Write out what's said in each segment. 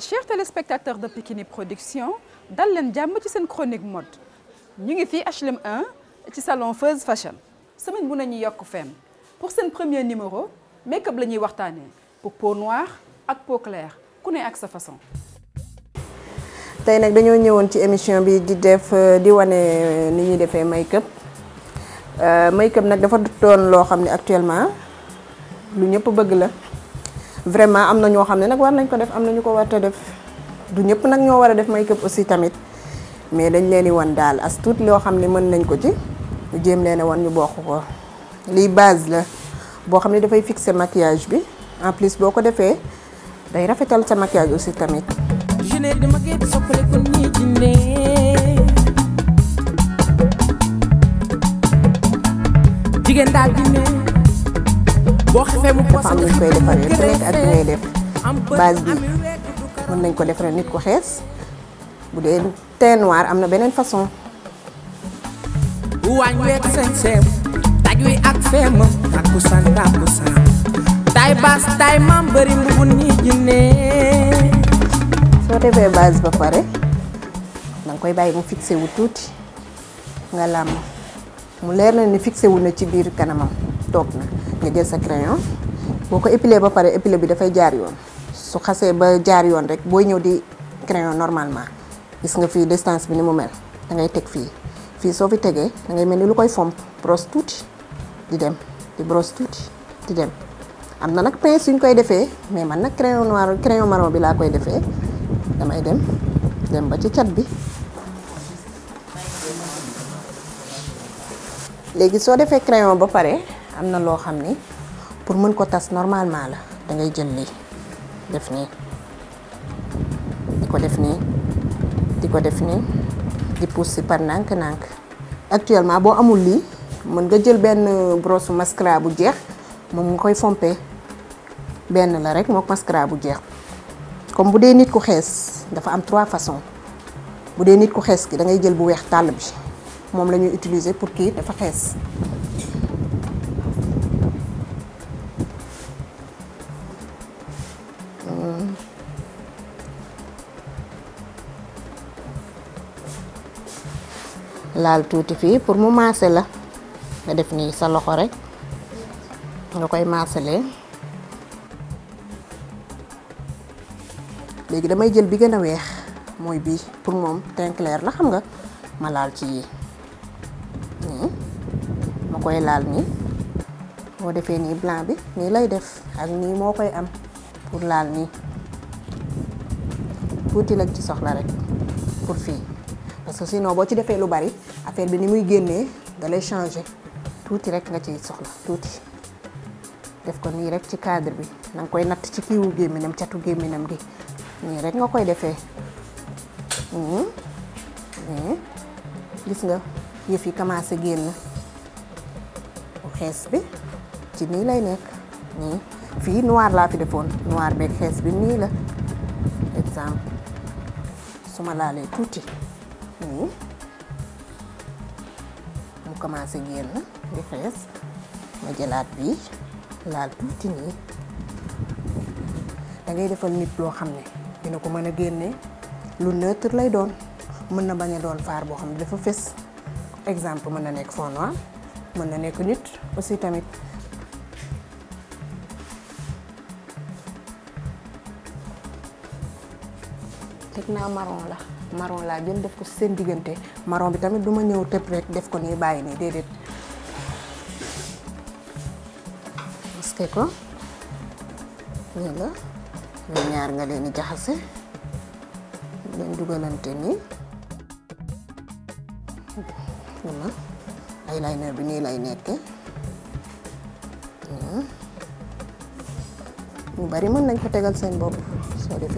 chers téléspectateurs de Pikini Production dal leen jàmm ci cette chronique mode ñu ngi HLM 1 le salon Feuz Fashion semaine bu nañu yokk femme pour ce premier numéro make-up la make-up. pour peau noire ak peau claire Vous ne ak sa façon. tey nous dañoo une ci émission bi di def euh, di euh, make-up Le euh, make-up est dafa doon loo xam ne actuellement lu ñëpp bëgg vraiment am na ñoo xam ne nag war nañ ko def am na ñu ko war def du ñëpp nag ñoo war a def may up aussi tamit mais dañ leen di wan daal as tuut loo xam ne mën nañ ko ci ñu jéem leen woon ñu bokk ko lii base la boo xam ne dafay fixe maquillage bi en plus boo ko defee day rafetal sa maquillage aussi tamit. jigéen daal boo xefee mu dafa am koy defaree ku ak li ngay def base bi mën nañ ko defaree nit ku xees bu dee teint noir am na beneen façon. waañ weeg seen seem taj wi ak feem takkusaan takkusaan tay baas tay maam bëri mbubu nii jinne soo defee base ba pare danga koy bàyyi mu fixé wu tuuti nga làmm mu leer na ni fixé wu na ci biir kanamam toog na. nga jël sa crayon boo ko épiler ba pare épiler bi dafay jaar yoon su xasee ba jaar yoon rek booy ñëw di crayon normalement gis nga fii distance bi ni mu mel da ngay teg fii fii soo fi tegee dangay mel ni lu koy fomp brosse tuuti di dem di brosse tuuti di dem am na nag pince suñ koy defee mais man nag crayon noir crayon marron bi laa koy defee damay dem dem ba ci cat bi léegi soo defee crayon ba pare Amna lo xamni pour mën ko tass normalement la da ngay jël li def ni diko def ni diko def ni di pousser par nank nank actuellement bo amul li mën nga jël ben brosse mascara bu jeex mom fompe, koy fompee benn la rek mok mascara bu jeex comme boudé nit ku xess dafa am trois façons boudé nit ku xess ki da ngay jël bu weex tal bi mom la utiliser pour ki dafa xess laal tuuti fii pour mu maase la nga def nii sa loxo rek nga koy maasalee léegi damay jël bi gën a weex mooy bii pour moom teint clair la xam nga ma laal ci yii nii ma koy laal nii boo defee nii blanc bi nii lay def ak nii moo koy am pour laal nii tuuti lañ ci soxla rek pour fii parce que sinon boo ci defee lu bari affaire bi ni muy génnee da lay changer tuuti rek nga ci soxla tuuti def ko nii rek ci cadre bi na koy natt ci kiiwu gémminam catu gémminam gi nii rek nga koy defee hmm? Hmm? gis nga yëf yi commencé génn bu xees bi ci nii lay nekk nii fii noir laa fi defoon noir beeg xees bi nii la exemple su ma laalee tuuti nii hmm? commencé génn di fess ma jëlaat bi laal tuuti nii da ngay defal nit lo xamné dina ko mën a lu neutre lay doon mën baña bañ doon faar dafa fess exemple mën nek fond noir mën nit aussi tamit teg na marron la maron la jël def ko seen digënté maron bi tamit duma ñëw tëb rek def ko ni bàyyi nii déedéet maske ko nii ñu ñaar nga leen jaxase dañ dugalante nii voilà eyeliner bi ni lay nekk ñu bari mën nañ ko tegal seen so def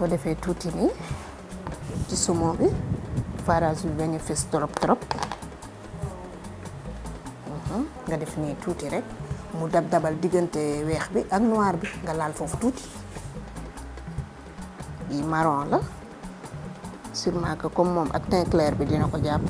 soo defee tuuti nii ci saumon bi farage bi bañ a fës trop trop mhm, nga def nii tuuti rek mu dab dabal diggante weex bi ak noir bi nga laal foofu tuuti bi marron la sûrement que comme moom ak teint bi dina ko jàpp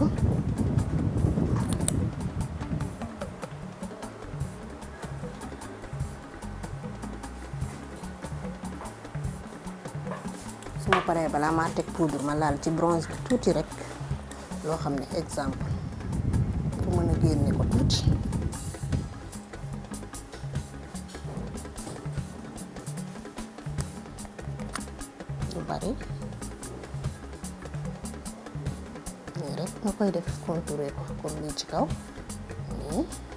paree balaa ma teg poudre ma laal ci bronze bi tuuti rek loo xam ne exemple pour mën a génne ko tuuti lu bari nii rek nga koy def contouré ko comme nii ci kaw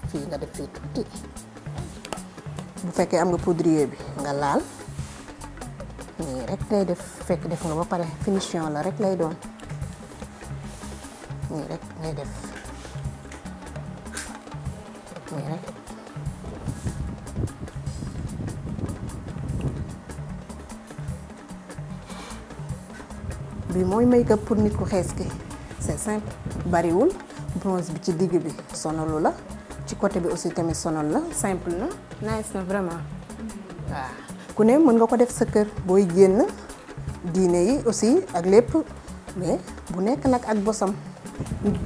fii nga def fii tuuti bu fekkee am nga poudrier bi nga laal nii rek ngay def fekk def nga ba pare finition la rek lay doon nii rek ngay def nii rek bi mooy make-up pour nit ku xees ki c'est simple bariwul bronze bi ci digg bi sonalu la ci côté bi aussi tamit sonal la simple na nice na vraiment waaw ku ne mën nga ko def sa kër boy genn diiné yi aussi ak lépp mais bu nek nak ak bosam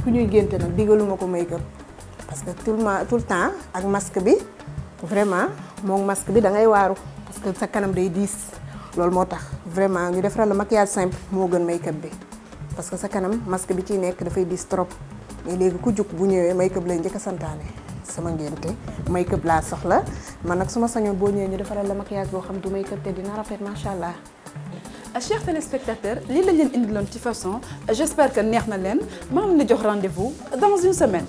ku ñuy genté nak digaluma ko make-up parce que tout ma tout temps ak masque bi vraiment moom masque bi da ngay waru parce que sa kanam day dis lol motax vraiment ñu defaral le maquillage simple mo gën make-up bi parce que sa kanam masque bi nek da fay dis trop mais légui ku juk bu ñëwé make-up lay santané sama ngénte make-up la soxla man ak suma sañon bo ñëw ñu défaral la maquillage bo xam du make-up té dina rafet macha allah. Ah, chers téléspectateurs li lañ leen indiloon ci façon j'espère que neex na leen maa ngi leen jox rendez-vous dans une semaine.